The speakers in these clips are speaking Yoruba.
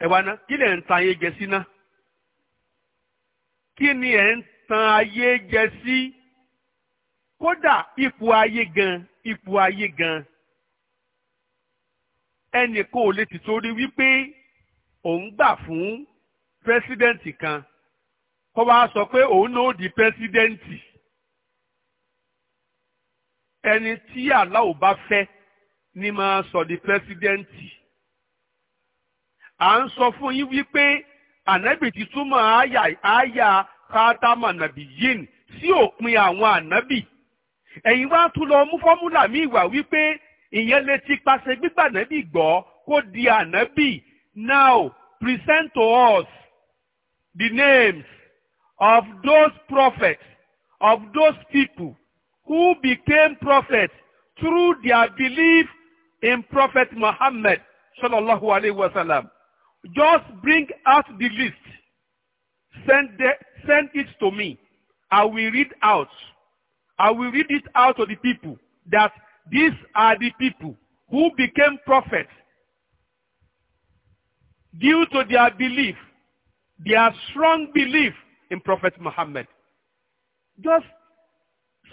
ẹ wá ná kí lẹ̀ ń tan ayé jẹ sí ná kí ni ẹ̀ ń tan ayé jẹ sí kódà ipò ayé gan ipò ayé gan ẹnì kan lè ti torí wípé òun gbà fún pírẹsidẹ́ǹtì kan kó wá sọ pé òun náà ó di pírẹsidẹ́ǹtì ẹni tí Allah bá fẹ́ ni máa sọ di pírẹsidẹ́ǹtì à ń sọ fún yín wípé ànábì ti túmọ̀ àyà àyà kátámà nàbì yín sí òpin àwọn ànábì ẹ̀yin wá tún lọ mú fọ́múlà míì wá wípé ìyẹn lè ti pàṣẹ gbígbà ànábì gbọ́ kó di ànábì now present to us the names of those prophets of those people who became prophets through their belief in Prophet Muhammad sallallahu alayhi wa sallam. Just bring out the list. Send, the, send it to me. I will read out. I will read it out to the people that these are the people who became prophets due to their belief, their strong belief in Prophet Muhammad. Just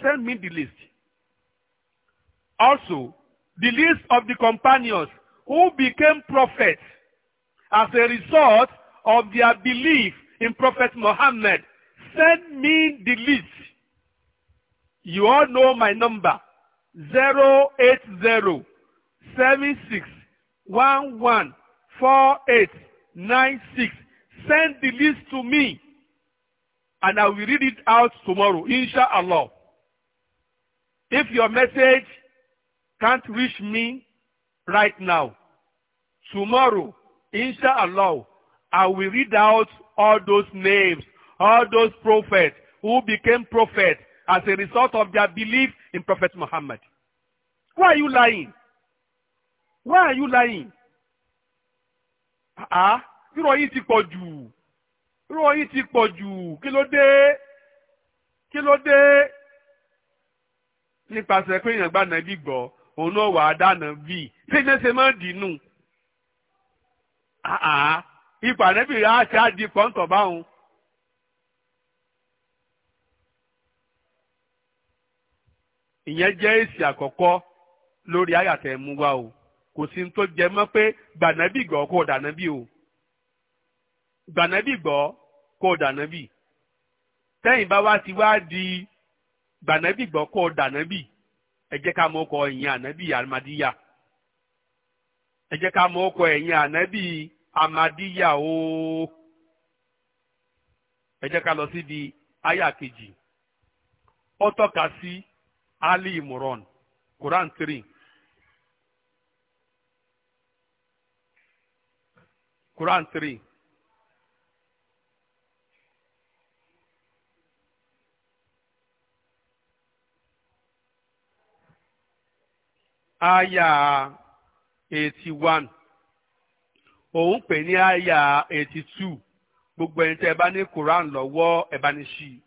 send me the list. Also, the list of the companions who became prophets as a result of their belief in Prophet Muhammad. Send me the list. You all know my number. 080 76 11 48 96. Send the list to me and I will read it out tomorrow, inshallah. If your message can't reach me right now, tomorrow Inshallah, I will read out all those names, all those prophets who became prophets as a result of their belief in Prophet Muhammad. Why are you lying? Why are you lying? Ah, ah irọ́ yìí ti pọ̀ jù. Irọ́ yìí ti pọ̀ jù. Kí ló dé? Kí ló dé? Nípasẹ̀ pé èèyàn gbà náà bí gbọ́, òun náà wà á dáná bí. Ṣé iná ṣe máa dì nù? Ah, ah. ipò ànábì rẹ̀ á ṣe àdì ìyẹn jẹ́ èsì àkọ́kọ́ lórí àyàtẹ̀ mú wa o kò sí ní tó jẹ mọ́ pé gbànábì gbọ́ kó o gbànábì gbọ́ kó dànábì tẹ́yìn bá wá ti wá di gbànábì gbọ́ kó dànábì ẹ jẹ́ ká mọ̀ ọkọ̀ ẹ̀yìn ànábì àmàdíyà ẹ jẹ́ ká amadiya o ẹ jẹ́ ká lọ síbi aya kejì ó tọ́ka sí ali imran quran three quran three. aya eighty one òun pè ní àyà eighty two gbogbo ẹni tẹ́ ẹ bá ní Quran lọ́wọ́ ẹ bá ní ṣí i.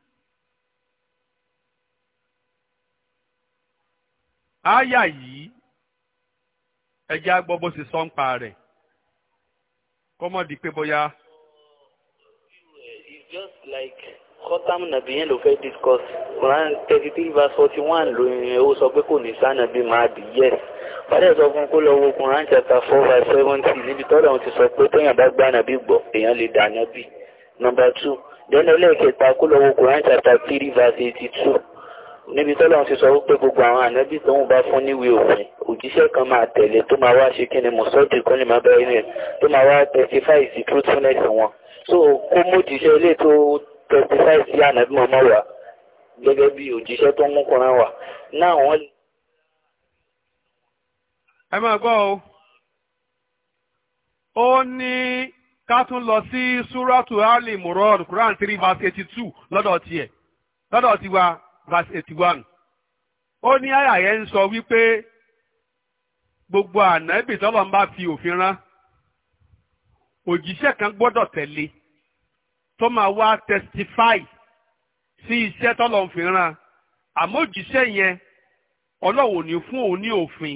àyà yìí ẹjẹ́ agbọ́ bó ṣe sọ́ǹpa rẹ̀ kọ́mọ̀dì pé bóyá. it's just like kọ́tàmù nàbíyẹn ló fẹ́ discuss Quran thirty three verse forty one lóyún ó sọ pé kò ní sànà bí màá bí Bàdé sọ fún kó lọ wo Quran chapter four five seventy níbi tọ́lọ̀ ti sọ pé téèyàn bá gbá ànábì gbọ́ èèyàn lè dà ànábì. Number two, dẹ́nu ẹlẹ́ẹ̀kẹta kó lọ wo Quran chapter three verse eighty two níbi tọ́lọ̀ ti sọ wípé gbogbo àwọn ànábì tó ń bá fún níwèé òfin òjíṣẹ́ kan máa tẹ̀lé tó máa wá ṣe kí ni mùsọ́ọ̀tì kan lè máa bẹ̀rẹ̀ rẹ̀ tó máa wá testify sí truthfulness wọn. so kó mójíṣẹ́ ilé tó testify sí ànábì mọ́mọ́ wa gẹ́gẹ́ bí òjíṣẹ́ tó ń mú Quran wa náà wọ́n lè. ẹ máa gbọ́ o ó ní ká tún lọ sí súrọ́tù ali quran three verse eighty two lọ́dọ̀ tiẹ̀ lọ́dọ̀ tiwa verse eighty one ó ní àyà yẹn ń sọ wípé gbogbo ànábì tọ́lọ̀ ń bá fi òfin rán òjíṣẹ́ kan gbọ́dọ̀ tẹ̀lé tó máa wá testify sí iṣẹ́ tọ́lọ̀ ń fi rán yẹn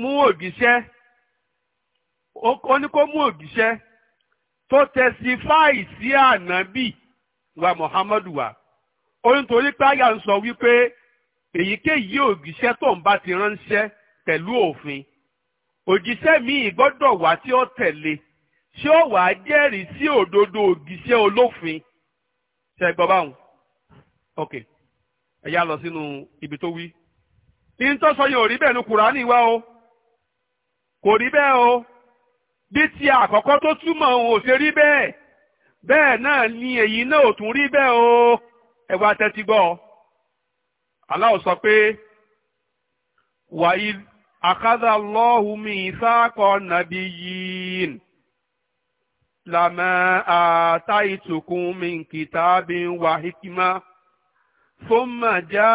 mú ògìṣẹ́ ó ní kó mú ògìṣẹ́ tó tẹsifáì sí ànábì wa Muhammadu wa ó ní torí páyà ń sọ wípé èyíkéyìí ògìṣẹ́ tó ń bá ti ránṣẹ́ pẹ̀lú òfin ògìṣẹ́ míì gbọ́dọ̀ wá tí ó tẹ̀lé ṣé ó wàá jẹ́rìí sí òdodo ògìṣẹ́ olófin ṣe gbọ́ báwọn ok ẹ̀yà lọ sínú ibi tó wí. ní tó sọ yẹn ò rí bẹ́ẹ̀ ní Kùránì wá o. kò rí bẹ́ẹ̀ o bí ti àkọ́kọ́ tó túmọ̀ òun ò ṣe rí bẹ́ẹ̀ bẹ́ẹ̀ náà ni èyí náà ò tún rí bẹ́ẹ̀ o ẹ wá tẹ́tí gbọ́ Allah sọ pé wàyí àkàdà lọ́hùnmí sáàkọ̀ nàbí yìí làmà àtàìtùkùn mi kìtàbí wà hikima fún màjá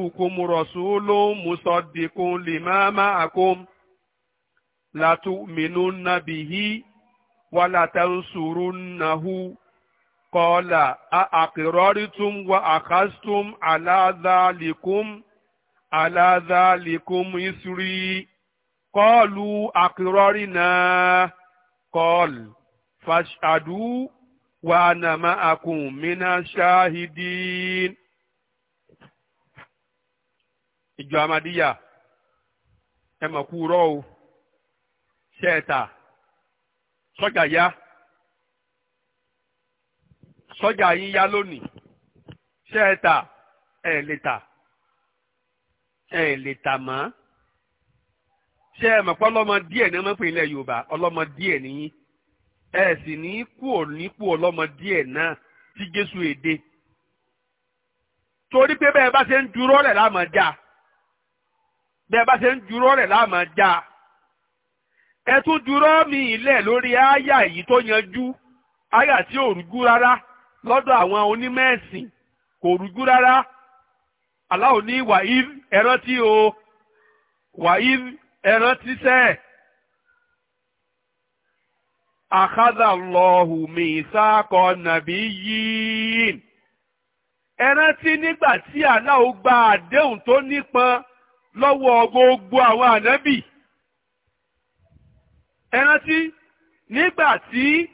òkùnmùrọ̀sùn ló ń mú sọ́dìkùn lè má má àkóhùn. لتؤمنن به ولتنصرنه قال أأقررتم وأخذتم على ذلكم على ذلكم إسري قالوا أقررنا قال فاشهدوا وأنا معكم من الشاهدين ìjọ amadíyà ẹ mọ̀ kú rọ́ o. cheta sọ́jà yá yín lónìí ṣẹ́ẹ̀ta ẹ̀ lè tà ẹ̀ lè tà ṣe ni Yorùbá nìyí ẹ sì ní kú ò nípò ọlọ́mọ èdè torí pé bá ṣe ń dúró já bá ṣe ń dúró ẹ tún dúró mi ilẹ̀ lórí àyà èyí tó yanjú àyà tí ò rújú rárá lọ́dọ̀ àwọn onímọ̀ ẹ̀sìn kò rújú rárá aláwo ní wàhíl ẹrántí o wàhíl ẹrántí sẹ́ àkàdà lọ́hùn mi sákọ̀ nàbí yìí ẹrántí nígbà tí aláwo gba àdéhùn tó nípọn lọ́wọ́ gbogbo àwọn ànábì. ẹ rántí nígbà tí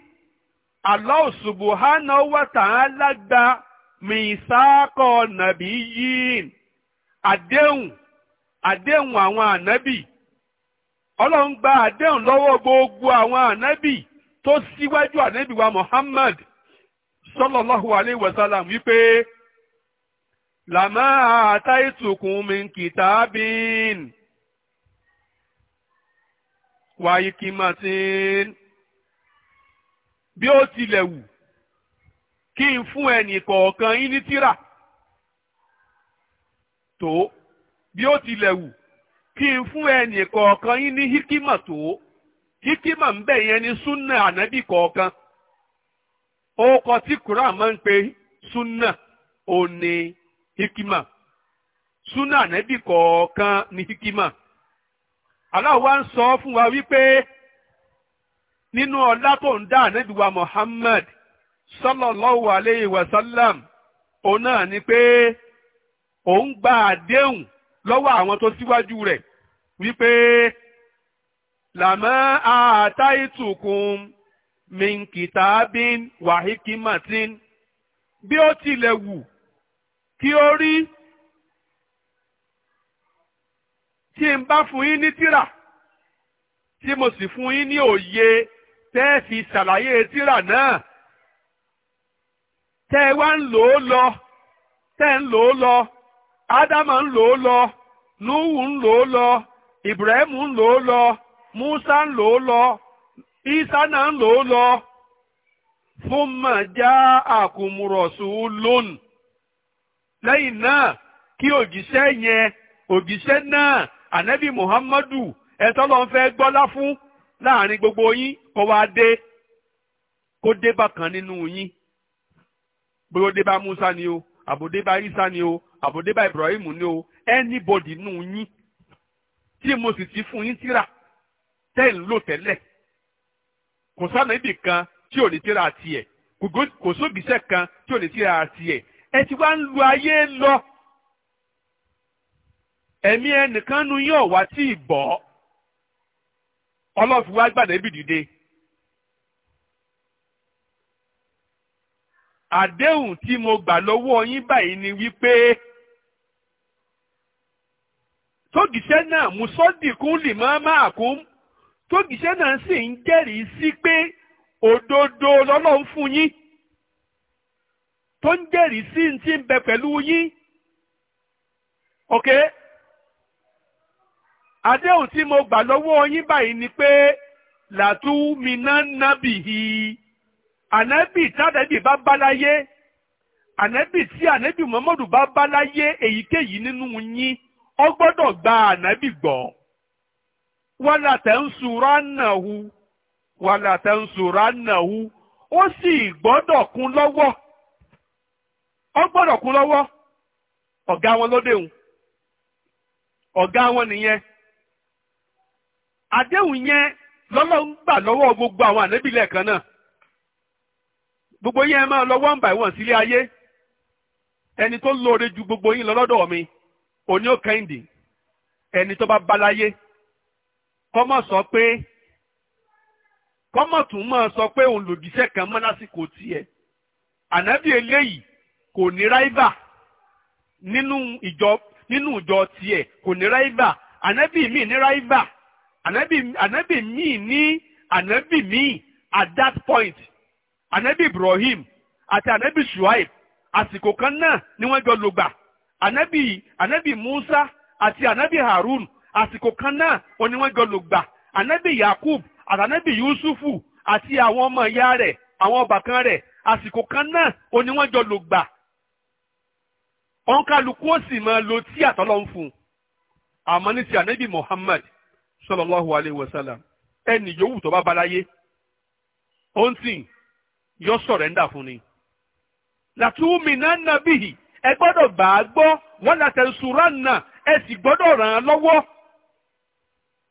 Allah subhanahu wa ta'ala gba mìsáàkọ̀ nàbí yín àdéhùn àdéhùn àwọn ànábì ọlọ́run gba àdéhùn lọ́wọ́ gbogbo àwọn ànábì tó síwájú ànábì wa Muhammad sallallahu alayhi wa sallam wípé làmá àtàìtùkùn min kìtàbín. wáyé kí n máa ti ń bí ó tilẹ̀ wù kí n fún ẹnì kọ̀ọ̀kan yín ní tírà tó bí ó tilẹ̀ wù kí n fún ẹnì kọ̀ọ̀kan yín ní hikima tó hikima ń bẹ̀ yẹn ní súnà ànábì kọ̀ọ̀kan ó kọ tí Quran máa ń pe súnà ó ní hikima súnà ànábì kọ̀ọ̀kan ní hikima. Allah wa ń sọ fún wa wípé nínú ọlá tó ń dá ànábì wa Muhammad sallallahu alayhi wa sallam òun náà ni pé òun gba àdéhùn lọ́wọ́ àwọn tó síwájú rẹ̀ wípé làmọ́ àtàìtùkùn min wàhíkímàtín bí ó tilẹ̀ wù kí ó rí tí n bá fún yín ní tírà tí mo sì fún yín ní òye tẹ́ ẹ fi ṣàlàyé tírà náà tẹ́ ẹ wá ń lò ó lọ tẹ́ ẹ ń lò ó lọ ádámà ń lò ó lọ núhù ń lò ó lọ ìbùrẹ́mù ń lò ó lọ Musa ń lò ó lọ ìsá náà ń lò ó lọ fún mà já àkùmùrọ̀sù lónìí lẹ́yìn náà kí òjíṣẹ́ yẹn òjíṣẹ́ náà ànábì muhammadu ẹ̀tọ́ lọ́n fẹ́ gbọ́lá fún láàrin gbogbo yín kó wá dé kó dé bákan nínú yín bóyá ó dé bá musa ni o àbòdé bá isa ni o àbòdé bá ibrahim ni o anybody nínú yín tí mo sì ti fún yín tíra tẹ́ ń lò tẹ́lẹ̀ kò sánà ibì kan tí ò ní tíra tiẹ̀ kò sóbìsẹ̀ kan tí ò ní tíra tiẹ̀ ẹ ti wá ń lu ayé lọ. ẹ̀mí ẹnìkan nu yóò wá tí ì bọ̀ ọlọ́fi wá gbàdé bì dìde. àdéhùn tí mo gbà lọ́wọ́ yín báyìí ni wípé tógìṣẹ́ náà musọ́dìkún lè máa máa kún tógìṣẹ́ náà sì ń jẹ́rìí sí pé òdodo lọ́lọ́run fún yín tó ń jẹ́rìí sí ti ń bẹ pẹ̀lú yín. adéhùn tí mo gbà lọ́wọ́ yín báyìí ni pé làtúmínà nábìhì ànábì tádẹ́bì bá bá láyé ànábì tí ànábì muhammadu bá bá láyé èyíkéyìí nínú yín ọ gbọ́dọ̀ gba ànábì gbọ́ wàlà tansurannahu wàlà tansurannahu ó sì gbọ́dọ̀ kún lọ́wọ́ ọ gbọ́dọ̀ kún lọ́wọ́ ọ̀gá wọn lóde òun ọ̀gá wọn nìyẹn. àdéhùn yẹn lọ́lọ́run gbà lọ́wọ́ gbogbo àwọn ànábì lẹ́ẹ̀kan náà gbogbo yẹn máa lọ one by one sílé ayé ẹni tó lóore ju gbogbo yín lọ mi òní ò kẹ́hìndì ẹni tó bá balayé sọ pé kọ́mọ̀ tún máa sọ pé òun kan mọ́ lásìkò tiẹ̀ ànábì eléyìí kò ní ráìbà nínú ìjọ nínú ìjọ tiẹ̀ kò ní ráìbà ànábì ànábì míì ní ànábì míì at that point ànábì Ibrahim àti ànábì Shuaib àsìkò kan náà ni wọ́n jọ lògbà ànábì ànábì Musa àti ànábì Harun àsìkò kan náà wọ́n ni wọ́n jọ lògbà ànábì Yakub àti ànábì Yusufu àti àwọn ọmọ ìyá rẹ̀ àwọn ọbàkan rẹ̀ àsìkò kan náà wọ́n ni wọ́n jọ lògbà ọ̀nkálukú ó sì máa lo tí àtọ́lọ́ ń fún un àmọ́ ní ti ànábì Muhammad sallallahu alayhi wa sallam ẹnì yòówù tó bá baláyé ó ń sìn yọ sọ̀rẹ́ńdà fún ni. làtúmínánà bíyì ẹ gbọ́dọ̀ gbà á gbọ́ wọ́n làtẹ̀ sùránà ẹ sì gbọ́dọ̀ ràn án lọ́wọ́.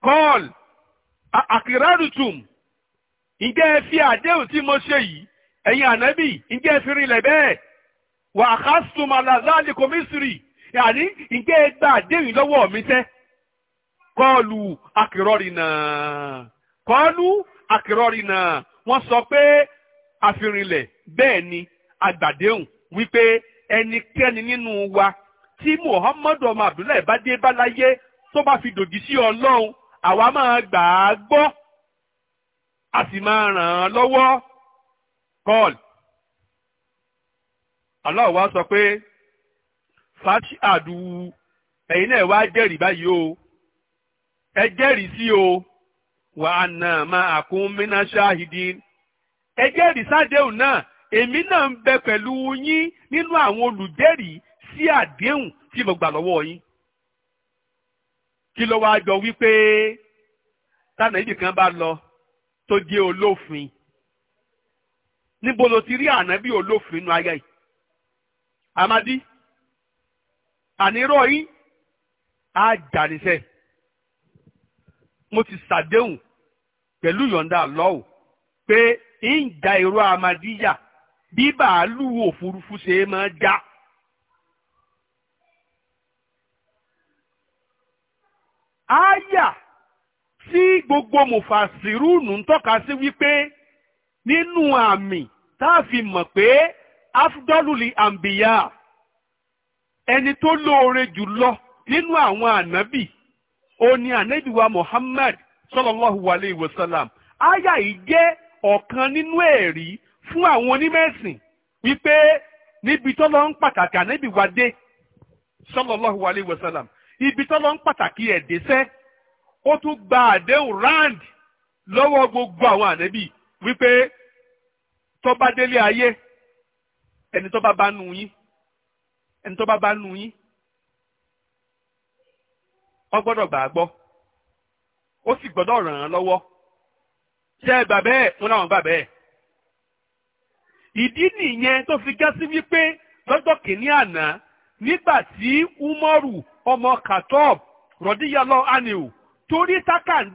kọ́ọ̀l àkìrárùtùm ǹjẹ́ ẹ fi àdéhùn tí mo ṣe yìí ẹ̀yin ànábì ǹjẹ́ ẹ fi rinlẹ̀ bẹ́ẹ̀ wà á kásùmọ̀ yàní ǹjẹ́ ẹ gba àdéhùn lọ́wọ́ mi tẹ́ kọ́ọ̀lù akìrọ́rìnà kọ́ọ̀lù akìrọ́rìnà wọ́n sọ pé àfihànilẹ̀ bẹ́ẹ̀ ni agbàdéhùn wípé ẹnikẹ́ni nínú wa tí muhammadu ọmọ abdullahi bá dé báláyé tó bá fi dòdì sí ọlọ́run àwa máa gbà á gbọ́ a sì máa ràn án lọ́wọ́ kọ́ọ̀lù Allah sọ pé fàṣí àdùú náà wá jẹ́rìí báyìí o. ẹ jẹ́rìí o wà á nà máa kún mínà ṣáàhìdì ẹ jẹ́rìí sádéhùn náà èmi náà ń bẹ pẹ̀lú yín nínú àwọn olùjẹ́rìí sí àdéhùn tí mo gbà lọ́wọ́ yín kí ló wáá jọ wípé tánà ìdí kan bá lọ tó jẹ olófin níbo ló ti rí ànábì olófin ayé yìí amadi àníró yín á jà níṣẹ́ mo ti ṣàdéhùn pẹ̀lú yọ̀ǹda lọ́wọ́ pé ń ja èrò amadíyà bí bàálù òfurufú ṣe máa já. áyà tí gbogbo mùfàsírùnù ń tọ́ka sí wípé nínú àmì tá a fi mọ̀ pé afdọ́lùlì àǹbìyà ẹni tó lóore jùlọ nínú àwọn ànábì ó ní ànábìwá Muhammad sallallahu alayhi wa aya yìí jẹ́ ọ̀kan nínú ẹ̀rí fún àwọn onímẹ̀sìn wípé níbi tó lọ ń pàtàkì ànábìwá dé sallallahu alayhi wa sallam ibi tó lọ ń pàtàkì ẹ̀ dẹ́sẹ́ ó tún gba àdéhùn rand lọ́wọ́ gbogbo àwọn ànábì wípé tó bá délé ayé ẹni tó bá bá yín ẹni tó bá bá yín ọ gbọdọ gbà gbọ. ó sì gbọdọ ràn án lọ́wọ́ ṣe ẹ gbà wọn làwọn gbà ìdí nìyẹn tó fi já sí wípé lọ́jọ́ kìíní àná nígbà tí Umaru ọmọ Katob rọdíyàlọ kan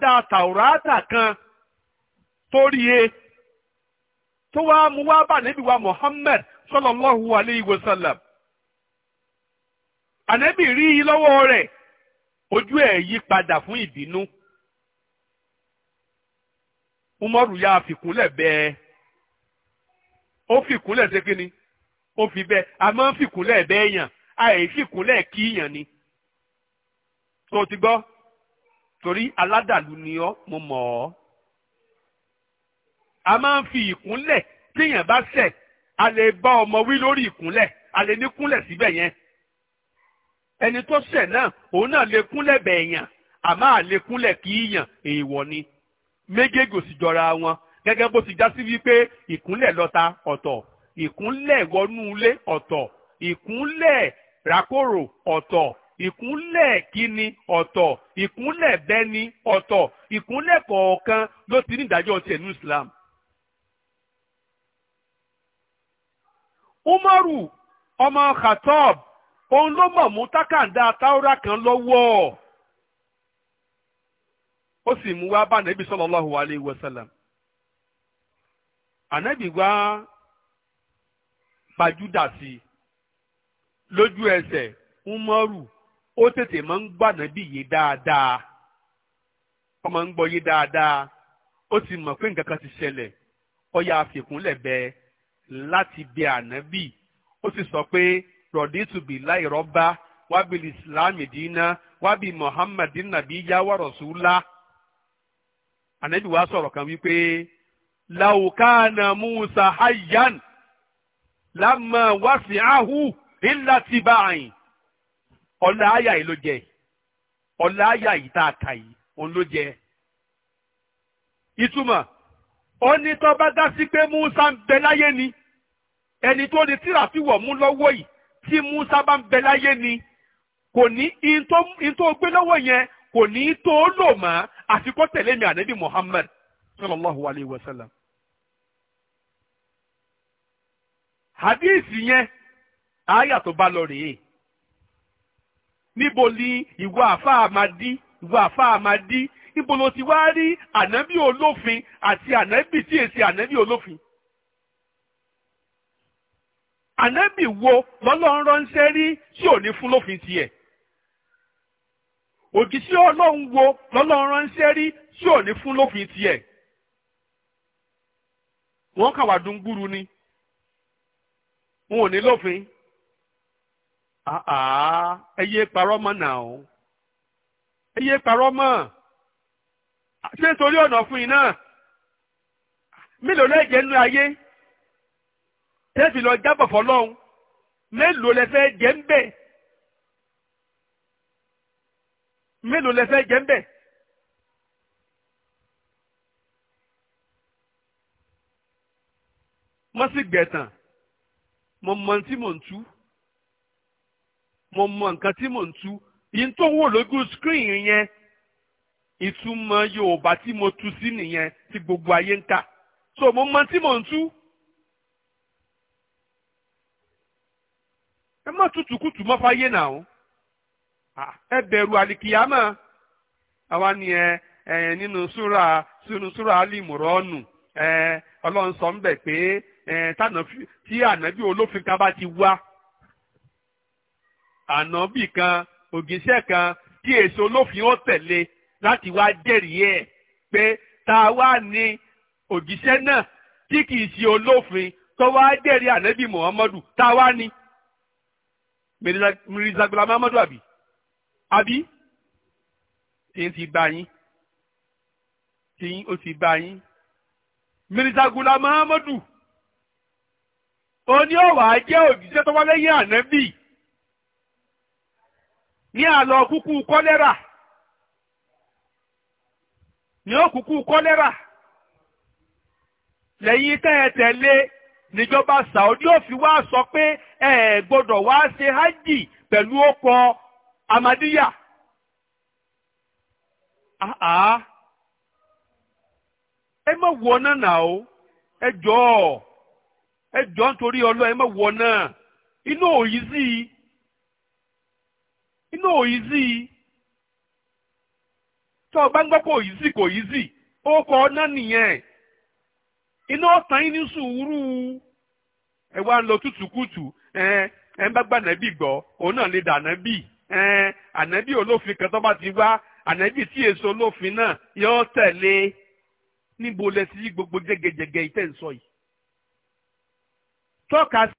torí e tó wá mú wá bá níbi wa ojú ẹ̀ yí padà fún ìbínú umaru ya fìkúnlẹ̀ bẹ́ẹ̀ ó fìkúnlẹ̀ ṣe kí ni ó fi bẹ́ẹ̀ a máa ń fìkúnlẹ̀ bẹ́ẹ̀ yàn àì fìkúnlẹ̀ kíyàn ni tó ti gbọ́ torí aládàlú ni ọ́ mo mọ̀ ọ́ a máa ń fi ìkúnlẹ̀ téèyàn bá ṣẹ̀ a lè bá ọmọ wí lórí ìkúnlẹ̀ a lè ní kúnlẹ̀ síbẹ̀ yẹn ẹni tó ṣẹ̀ náà òun náà lè kúnlẹ̀ bẹ̀ẹ̀yàn àmọ́ àlékúnlẹ̀ kí yàn èèwọ̀ ni méjèèjì ò sì jọra wọn gẹ́gẹ́ bó ti já sí wípé ìkúnlẹ̀ lọ́ta ọ̀tọ̀ ìkúnlẹ̀ wọnú ilé ọ̀tọ̀ ìkúnlẹ̀ rákòrò ọ̀tọ̀ ìkúnlẹ̀ kíni ọ̀tọ̀ ìkúnlẹ̀ bẹ́ni ọ̀tọ̀ ìkúnlẹ̀ kọ̀ọ̀kan ló ti ní ìdájọ́ tiẹ̀ ní Islam. Umaru ọmọ Khattab òun ló mọ̀ mú tákàndá táwọ́rà kan lọ́wọ́ ó sì mú wá bá nàbí sallallahu alayhi wa sallam ànábì wá gbajúdà sí i lójú ẹsẹ̀ umaru ó tètè máa ń gbà nàbí yé dáadáa ó máa ń gbọ́ yé dáadáa ó ti mọ̀ pé nǹkan ti ṣẹlẹ̀ ó yà àfikún lẹ̀bẹ̀ láti bẹ ànábì ó sọ pé. rọ̀dítù billahi rabba wábìl ìsìlámì dínà wábì muhammadin nabiyya wa rasula. ànábì wa sọ̀rọ̀ kan wípé laukana musa hayyan lamma wasi'ahu illa tiba'in ọ̀la àyà yìí ló jẹ ọ̀la àyà yìí tá a kà yìí òun ló jẹ ìtumọ̀ ó ní tó bá dá sí pé musa ń bẹ láyé ni ẹni tó ní tíra tí wọ́n mú lọ́wọ́ yìí tí Musa bá ń bẹ láyé ni kò ní in tó gbé lọ́wọ́ yẹn kò ní tó lò mọ́ àti kó tẹ̀lé mi ànábì Muhammad sallallahu alayhi wa sallam. hadith yẹn àyà tó bá lọ rèé níbo ni ìwọ àfáà máa dí ìwọ àfáà máa dí níbo ló ti wá rí ànábì olófin àti ànábì tí èsì ànábì olófin ànábì wo lọ́lọ́run ránṣẹ́ rí tí ò ní fún lófin tiẹ̀ òjíṣẹ́ ọlọ́run wo lọ́lọ́run ránṣẹ́ rí tí ò ní fún lófin tiẹ̀ wọ́n kà wá ni wọn ò ní lófin ẹ yé parọ́ mọ́ o ẹ yé parọ́ mọ́ ṣé torí ọ̀nà fún mélòó tẹ́ẹ̀fì lọ jábọ̀ fọlọ́hún mélòó lẹ fẹ́ jẹ́ ń bẹ̀ mélòó lẹ fẹ́ jẹ́ ń bẹ̀. wọ́n sì gbẹ̀tàn mo mọ tí mò ń tú mo mọ nǹkan tí mò ń tú yìí tó wò lójú screen yẹn ìtumọ̀ Yorùbá tí mo tú sí nìyẹn tí gbogbo ayé ń kà so mo mọ tí mò ń tú. ẹ má tutù kùtù mọ́ fáyé náà o ẹ bẹ̀rù àlìkìyàmọ́ àwa ni ẹ ẹ nínú súra sínú súra alimurọ́ọ̀nù ẹ ọlọ́run sọ ń bẹ̀ pé ẹ tí ànábì olófin kan bá ti wá ànábì kan ògìṣẹ́ kan kí èso olófin ó tẹ̀lé láti wá jẹ́rìí ẹ̀ pé ta wá ní ògìṣẹ́ náà tí kìí ṣe olófin tó wá jẹ́rìí ànábì muhammadu ta wá ní. Mirza Ghulam Ahmadu àbí àbí tí ń ti bá yín tí ó ti bá yín Mirza Ghulam Ahmadu oní ọ̀wà jẹ́ òjíṣẹ́ tó wá lẹ́yìn ànábì ní àlọ́ kúkú kọ́lẹ́rà ní òkúkú kọ́lẹ́rà lẹ́yìn tẹ́ ẹ tẹ̀lé. níjọba Saudi ò fi wá sọ pé ẹ gbọ́dọ̀ wá ṣe hajj pẹ̀lú ọkọ̀ amadiya. Àhà ẹ má wọ náà nà ó ẹ jọ ẹ jọ nítorí ọlọ́ ẹ má wọ náà inú òyì sí i inú òyì sí i tọ́ ọ bá ń gbọ́ pé òyì sí kò yí sí ó kọ́ ọ náà nìyẹn. iná ọ̀tàn yín ní sùúrù ẹ wá ń lọ tútùkùtù ẹ ń bá gba gbọ́ òun náà kan tó ti wá anabi tí èso olófin náà yóò tẹ̀lé níbo gbogbo jegejege ìtẹ̀